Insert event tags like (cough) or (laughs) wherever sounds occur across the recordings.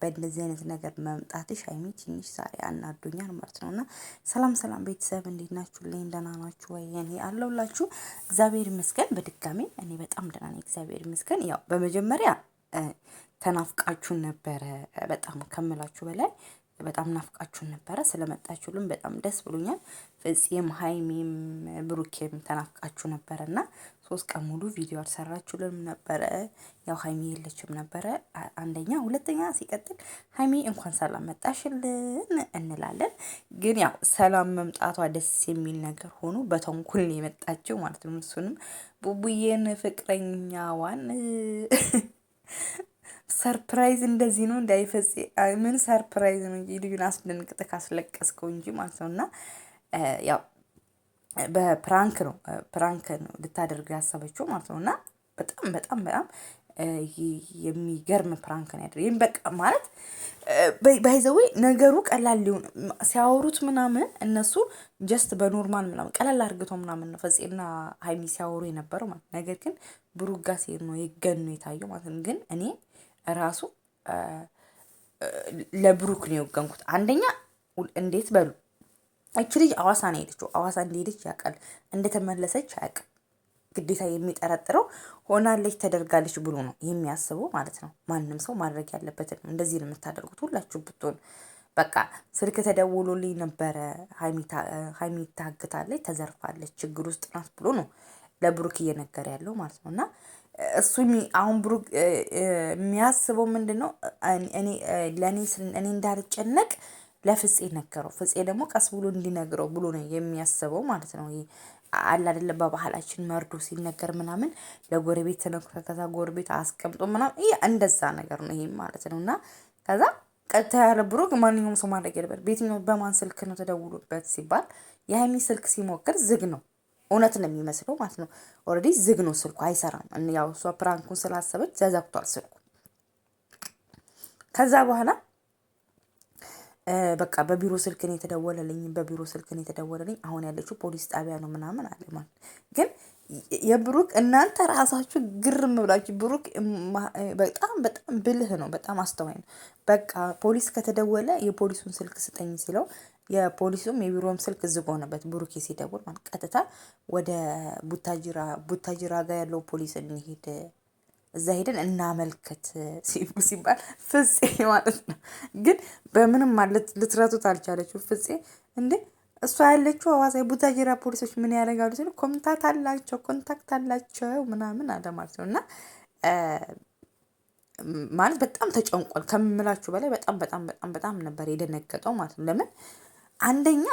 በእንደዚህ አይነት ነገር መምጣትሽ ሀይሚ ትንሽ ዛሬ አናዶኛል ማለት ነው። እና ሰላም ሰላም ቤተሰብ እንዴት ናችሁ? ልኝ ደህና ናችሁ ወይ? እኔ አለሁላችሁ እግዚአብሔር ይመስገን። በድጋሚ እኔ በጣም ደህና ነኝ እግዚአብሔር ይመስገን። ያው በመጀመሪያ ተናፍቃችሁን ነበረ በጣም ከምላችሁ በላይ በጣም ናፍቃችሁን ነበረ። ስለመጣችሁልን በጣም ደስ ብሎኛል። ፍፄም ሀይሚም ብሩኬም ተናፍቃችሁ ነበረና ሶስት ቀን ሙሉ ቪዲዮ አልሰራችሁልም ነበረ። ያው ሀይሚ የለችም ነበረ አንደኛ፣ ሁለተኛ ሲቀጥል ሀይሚ እንኳን ሰላም መጣሽልን እንላለን። ግን ያው ሰላም መምጣቷ ደስ የሚል ነገር ሆኖ በተንኩል የመጣችው ማለት ነው። እሱንም ቡቡዬን ፍቅረኛዋን (laughs) ሰርፕራይዝ እንደዚህ ነው እንዳይፈጽ ምን ሰርፕራይዝ ነው እንጂ ልዩን አስደንቅጥ ካስለቀስከው እንጂ ማለት ነው እና ያው በፕራንክ ነው ፕራንክ ነው ልታደርግ ያሰበችው ማለት ነው። እና በጣም በጣም በጣም የሚገርም ፕራንክ ነው ያደረገው። ይህም በቃ ማለት ባይዘዌ ነገሩ ቀላል ሊሆን ሲያወሩት ምናምን እነሱ ጀስት በኖርማል ምናምን ቀላል አድርግቶ ምናምን ነው ፈጼና ሀይሚ ሲያወሩ የነበረው ማለት ነገር ግን ብሩጋ ጋር ሲሄድ ነው የገኑ የታየው ማለት ነው። ግን እኔ ራሱ ለብሩክ ነው የወገንኩት። አንደኛ እንዴት በሉ እቺ ልጅ አዋሳ ነው የሄደችው። አዋሳ እንደሄደች ያውቃል፣ እንደተመለሰች አያውቅም። ግዴታ የሚጠረጥረው ሆናለች ተደርጋለች ብሎ ነው የሚያስበው ማለት ነው። ማንም ሰው ማድረግ ያለበትን እንደዚህ ነው የምታደርጉት ሁላችሁ ብትሆን በቃ ስልክ ተደውሎልኝ ነበረ ሀይሚ ታግታለች፣ ተዘርፋለች፣ ችግር ውስጥ ናት ብሎ ነው ለብሩክ እየነገረ ያለው ማለት ነው። እና እሱ አሁን ብሩክ የሚያስበው ምንድን ነው እኔ ለእኔ እንዳልጨነቅ ለፍፄ ነገረው። ፍፄ ደግሞ ቀስ ብሎ እንዲነግረው ብሎ ነው የሚያስበው ማለት ነው። አለ አይደለም በባህላችን መርዶ ሲነገር ምናምን ለጎረቤት ተነኩተታ ጎረቤት አስቀምጦ ምናምን እንደዛ ነገር ነው ይሄ ማለት ነው። እና ከዛ ቀጥታ ያለ ብሮ ማንኛውም ሰው ማድረግ የለበት ቤትኛው በማን ስልክ ነው ተደውሎበት ሲባል የሀይሚ ስልክ ሲሞክር ዝግ ነው። እውነት ነው የሚመስለው ማለት ነው። ኦልሬዲ ዝግ ነው ስልኩ አይሰራም። ያው እሷ ፕራንኩን ስላሰበች ዘዘግቷል ስልኩ ከዛ በኋላ በቃ በቢሮ ስልክን የተደወለልኝ በቢሮ ስልክን የተደወለልኝ አሁን ያለችው ፖሊስ ጣቢያ ነው ምናምን አለ ማለት ግን የብሩክ እናንተ ራሳችሁ ግርም ብላችሁ ብሩክ በጣም በጣም ብልህ ነው፣ በጣም አስተዋይ ነው። በቃ ፖሊስ ከተደወለ የፖሊሱን ስልክ ስጠኝ ሲለው የፖሊሱም የቢሮም ስልክ ዝግ ሆነበት። ብሩኬ ሲደውል ቀጥታ ወደ ቡታጅራ ቡታጅራ ጋር ያለው ፖሊስ እንሄድ እዛ ሄደን እናመልከት ሲባል ፍፄ ማለት ነው። ግን በምንም ማለት ልትረቱት አልቻለችው። ፍፄ እንዴ እሷ ያለችው ሐዋሳ የቡታጅራ ፖሊሶች ምን ያደርጋሉ ሲሉ ኮንታክት አላቸው ኮንታክት አላቸው ምናምን አለ ማለት ነው። እና ማለት በጣም ተጨንቋል ከምላችሁ በላይ በጣም በጣም በጣም በጣም ነበር የደነገጠው ማለት ነው። ለምን አንደኛ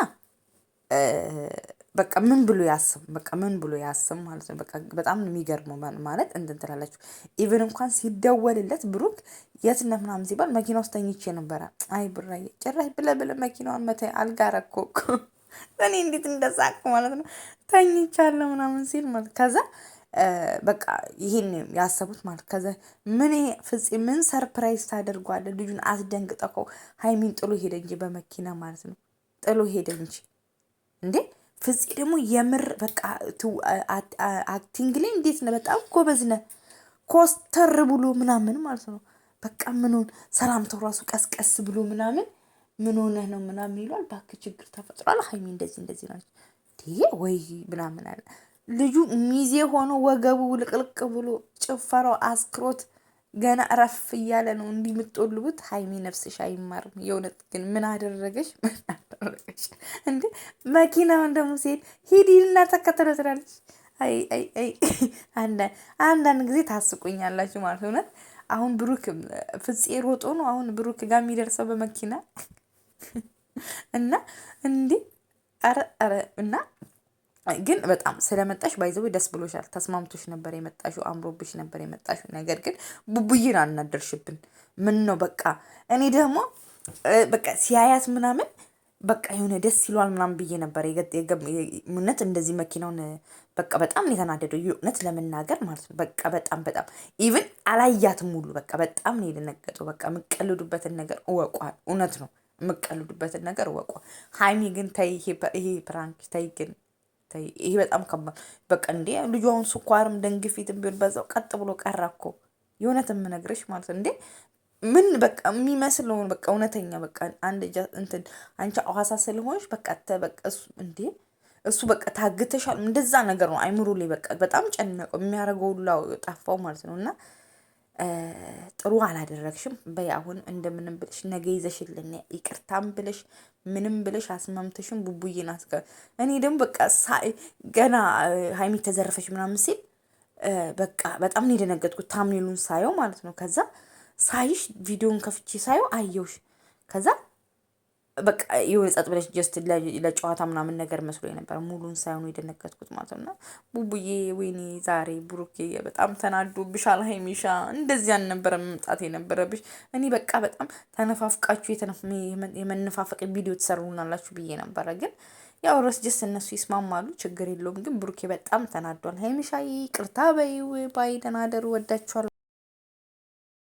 በቃ ምን ብሎ ያስብ፣ በቃ ምን ብሎ ያስብ ማለት ነው። በቃ በጣም የሚገርመው ማለት እንትን ትላላችሁ። ኢቨን እንኳን ሲደወልለት ብሩክ የት ነህ ምናምን ሲባል መኪና ውስጥ ተኝቼ ነበረ። አይ ብራዬ ጭራሽ ብለህ ብለህ መኪናውን መተ አልጋ (laughs) እኔ እንዴት እንደሳቅ ማለት ነው። ተኝቻለሁ ምናምን ሲል ማለት ከዛ በቃ ይሄን ያሰቡት ማለት ከዛ ምን ፍጽ ምን ሰርፕራይዝ ታደርጓለ? ልጁን አስደንግጠው ሀይሚን ጥሎ ሄደ እንጂ በመኪና ማለት ነው ጥሎ ሄደ እንጂ እንዴ ፍፄ ደግሞ የምር በቃ አክቲንግ ላይ እንዴት ነህ? በጣም ጎበዝ ነ ኮስተር ብሎ ምናምን ማለት ነው በቃ ምንሆን ሰላምታው ራሱ ቀስቀስ ብሎ ምናምን ምን ሆነህ ነው ምናምን ይሏል። ባክ ችግር ተፈጥሯል፣ ሀይሚ እንደዚህ እንደዚህ ናቸው ወይ ምናምን አለ ልጁ ሚዜ ሆኖ ወገቡ ልቅልቅ ብሎ ጭፈራው አስክሮት ገና ረፍ እያለ ነው እንዲህ የምትጦልቡት። ሀይሚ ነፍስሽ አይማርም። የእውነት ግን ምን አደረገሽ? ምናምን አደረገች እንዴ? መኪናውን ደግሞ ሲሄድ ሂድ ይልና ተከተለው ትላለች። አንዳንድ ጊዜ ታስቁኛላችሁ ማለት እውነት። አሁን ብሩክ ፍፄ ሮጦ ነው አሁን ብሩክ ጋር የሚደርሰው በመኪና እና እንዴ ኧረ ኧረ እና ግን በጣም ስለመጣሽ ባይዘው ደስ ብሎሻል። ተስማምቶሽ ነበር የመጣሽው፣ አምሮብሽ ነበር የመጣሽው። ነገር ግን ቡቡይን አናደርሽብን። ምን ነው በቃ እኔ ደግሞ በቃ ሲያያት ምናምን በቃ የሆነ ደስ ይሏል ምናምን ብዬ ነበር። እውነት እንደዚህ መኪናውን በቃ በጣም ነው የተናደደው፣ እውነት ለመናገር ማለት ነው። በቃ በጣም በጣም ኢቭን አላያትም ሁሉ በቃ በጣም ነው የደነገጠው። በቃ የምቀልዱበትን ነገር እወቋል። እውነት ነው የምቀልዱበትን ነገር እወቋል። ሀይሚ ግን ተይ፣ ይሄ ፕራንክ ተይ፣ ግን ይሄ በጣም ከባድ በቃ እንዴ ልጇውን ስኳርም ደንግፊትም ቢሆን በዛው ቀጥ ብሎ ቀራ እኮ የእውነት የምነግርሽ ማለት ነው እንዴ ምን በቃ የሚመስል ሆን በቃ እውነተኛ በቃ አንድ እንትን አንቺ አዋሳ ስለሆንሽ በቃ በቃ እሱ እንዴ እሱ በቃ ታግተሻል እንደዛ ነገር ነው። አይምሮ ላይ በቃ በጣም ጨነቀው የሚያደርገው ሁላ ጠፋው ማለት ነው። እና ጥሩ አላደረግሽም። በይ አሁን እንደምንም ብለሽ ነገ ይዘሽልን ይቅርታም ብለሽ ምንም ብለሽ አስማምተሽም ቡቡዬን አስገ እኔ ደግሞ በቃ ገና ሀይሚ ተዘረፈች ምናምን ሲል በቃ በጣም ነው የደነገጥኩት። ታምኔሉን ሳየው ማለት ነው ከዛ ሳይሽ ቪዲዮን ከፍቼ ሳየው አየውሽ። ከዛ በቃ የሆነ ጸጥ ብለሽ ጀስት ለጨዋታ ምናምን ነገር መስሎ ነበር። ሙሉን ሳይሆኑ የደነገጥኩት ማለት ነው። ቡቡዬ ወይኔ ዛሬ ብሩኬ በጣም ተናዶብሻል ሀይሚሻ፣ እንደዚህ አልነበረ መምጣት የነበረብሽ። እኔ በቃ በጣም ተነፋፍቃችሁ የመነፋፈቅ ቪዲዮ ትሰሩናላችሁ ብዬ ነበረ። ግን ያው ረስ ጀስት እነሱ ይስማማሉ፣ ችግር የለውም። ግን ብሩኬ በጣም ተናዷል። ሀይሚሻ ቅርታ በይ። ባይ ደህና ደሩ። ወዳችኋል።